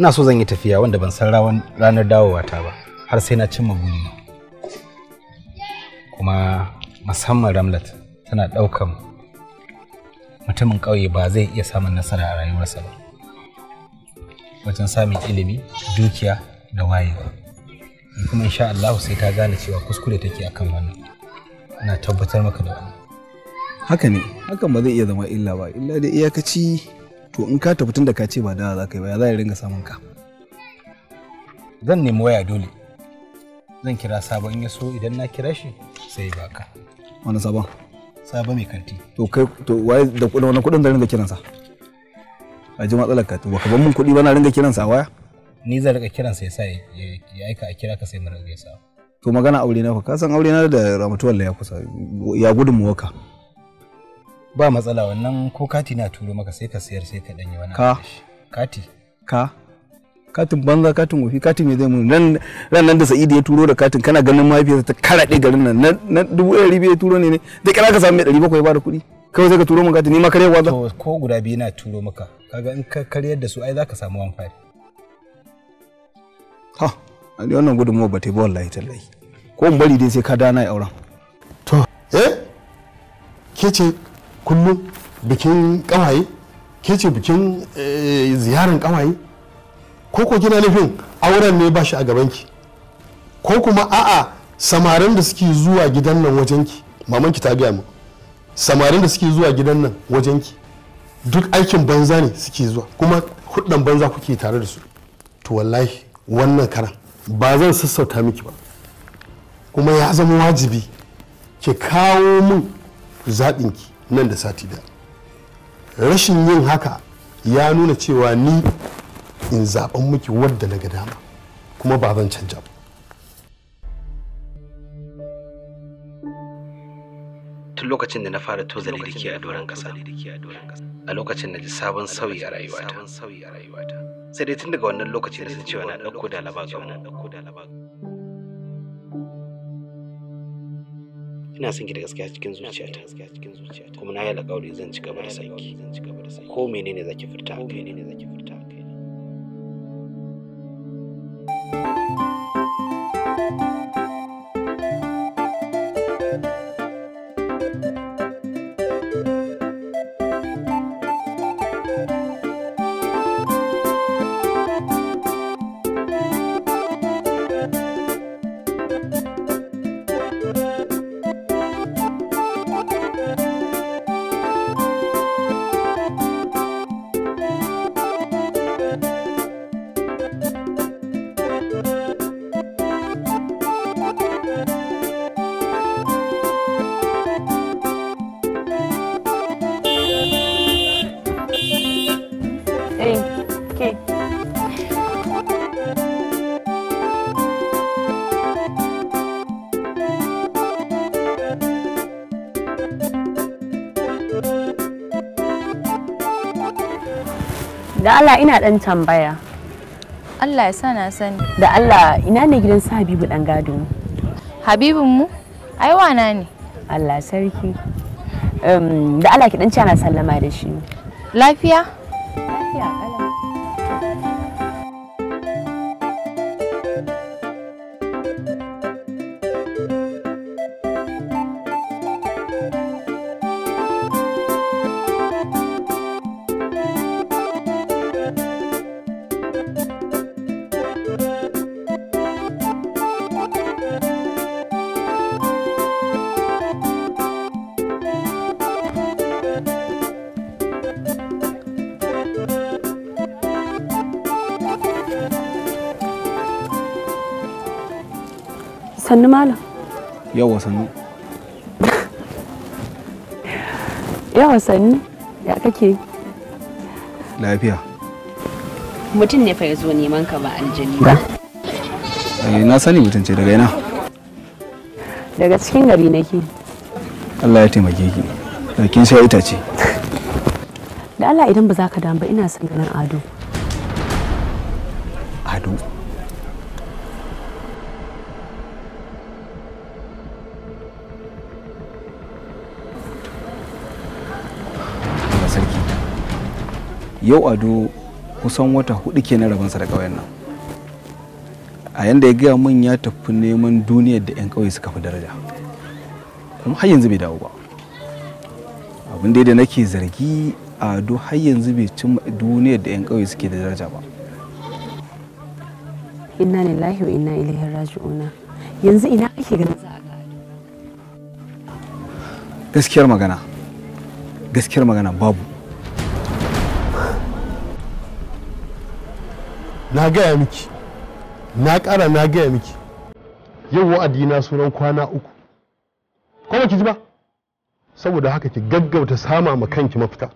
ina so zan yi tafiya wanda ban san ranar dawowata ba har sai na cimma guri kuma musamman ramlat tana ɗaukan mutumin ƙauye ba zai iya samun nasara a rayuwarsa ba wajen samun ilimi dukiya da wayewa kuma insha Allah sai ta gane cewa kuskure take akan wannan ina tabbatar maka da wannan haka ne hakan ba zai iya zama illa ba illa da iyakaci to in ka tafi tunda da ka ce ba da za ka yi ba ya za ya ringa samun ka zan nemi waya dole zan kira sabon ya so idan na kira shi sai ya baka wani sabon sabon mai kanti to kai to waye da kudin wani kudin da ringa kiransa a ji matsalar ka to baka ban mun kudi ba na ringa kiransa waya ni zan ringa kiransa ya sa ya aika a kira ka sai mu ringa ya sa to magana aure na ka san aure na da ramatuwar ya kusa ya gudun mu waka ba matsala wannan ko kati na turo maka sai ka sayar sai ka danyi wani kati ka katin banza katin wofi katin me zai mun nan ran nan da sa'idi ya turo da katin kana ganin mahaifiyarsa ta karaɗe garin nan na dubu ɗari biyu ya turo ne ne da kira ka samu mai ɗari bakwai ba da kuɗi kawai sai ka turo mun katin ni ma karyar waza ko guda biyu na turo maka kaga in ka karyar da su ai za ka samu wan fari ha a ni wannan gudunmuwa ba ta yi ba wallahi tallahi ko in bari dai sai ka dana ya auren to eh ke ce kullum bikin kawaye ke ce bikin eh, ziyarar kawaye ko ko gina nufin auren ne ba shi a gabanki ko kuma a'a samarin da suke zuwa gidan nan wajenki mamanki ta biya mu samarin da suke zuwa gidan nan wajenki duk aikin banza ne suke zuwa kuma hudan banza kuke tare da su to wallahi wannan karan ba zan sassauta miki ba kuma ya zama wajibi ki kawo mun zaɓinki nan da sati da rashin yin haka ya nuna cewa ni in zaben miki wadda na ga dama kuma ba zan canja ba tun lokacin da na fara toza da ke a doron kasa a lokacin da ji sabon sauyi a rayuwata sai dai tun daga wannan lokacin da sun cewa na ɗauko da labagan ina son ki da gaskiya cikin zuciyata kuma na yi alƙawari zan ci gaba da sanki ko menene zaki furta ko menene zaki furta da Allah ina dan tambaya Allah ya sana sani da Allah ina ne gidan su Habibu dan gado Habibun mu ai wana ne Allah sarki da Allah ki dan cana sallama da shi lafiya sannu malam yawa sannu yawa sannu ya kake lafiya mutum ne fa ya zo neman ka ba aljini ba eh, na sani mutum ce daga ina daga cikin gari nake Allah ya taimake ki da kin sai itace da Allah idan ba za ka damu ba ina son ganin ado yau ado kusan wata hudu kenan rabansa da ƙauyen nan a yanda ya gaya min ya tafi neman duniyar da 'yan ƙauye suka fi daraja kuma har yanzu bai dawo ba abin da nake zargi ado har yanzu bai cin duniyar da 'yan ƙauye suke da daraja ba inna lillahi wa inna ilaihi raji'una yanzu ina kake ganin za a gaskiyar magana gaskiyar magana babu na gaya miki na ƙara na gaya miki yau wa'adi na sunan kwana uku ko ba ki ji ba saboda haka ki gaggauta sama ma kanki mafita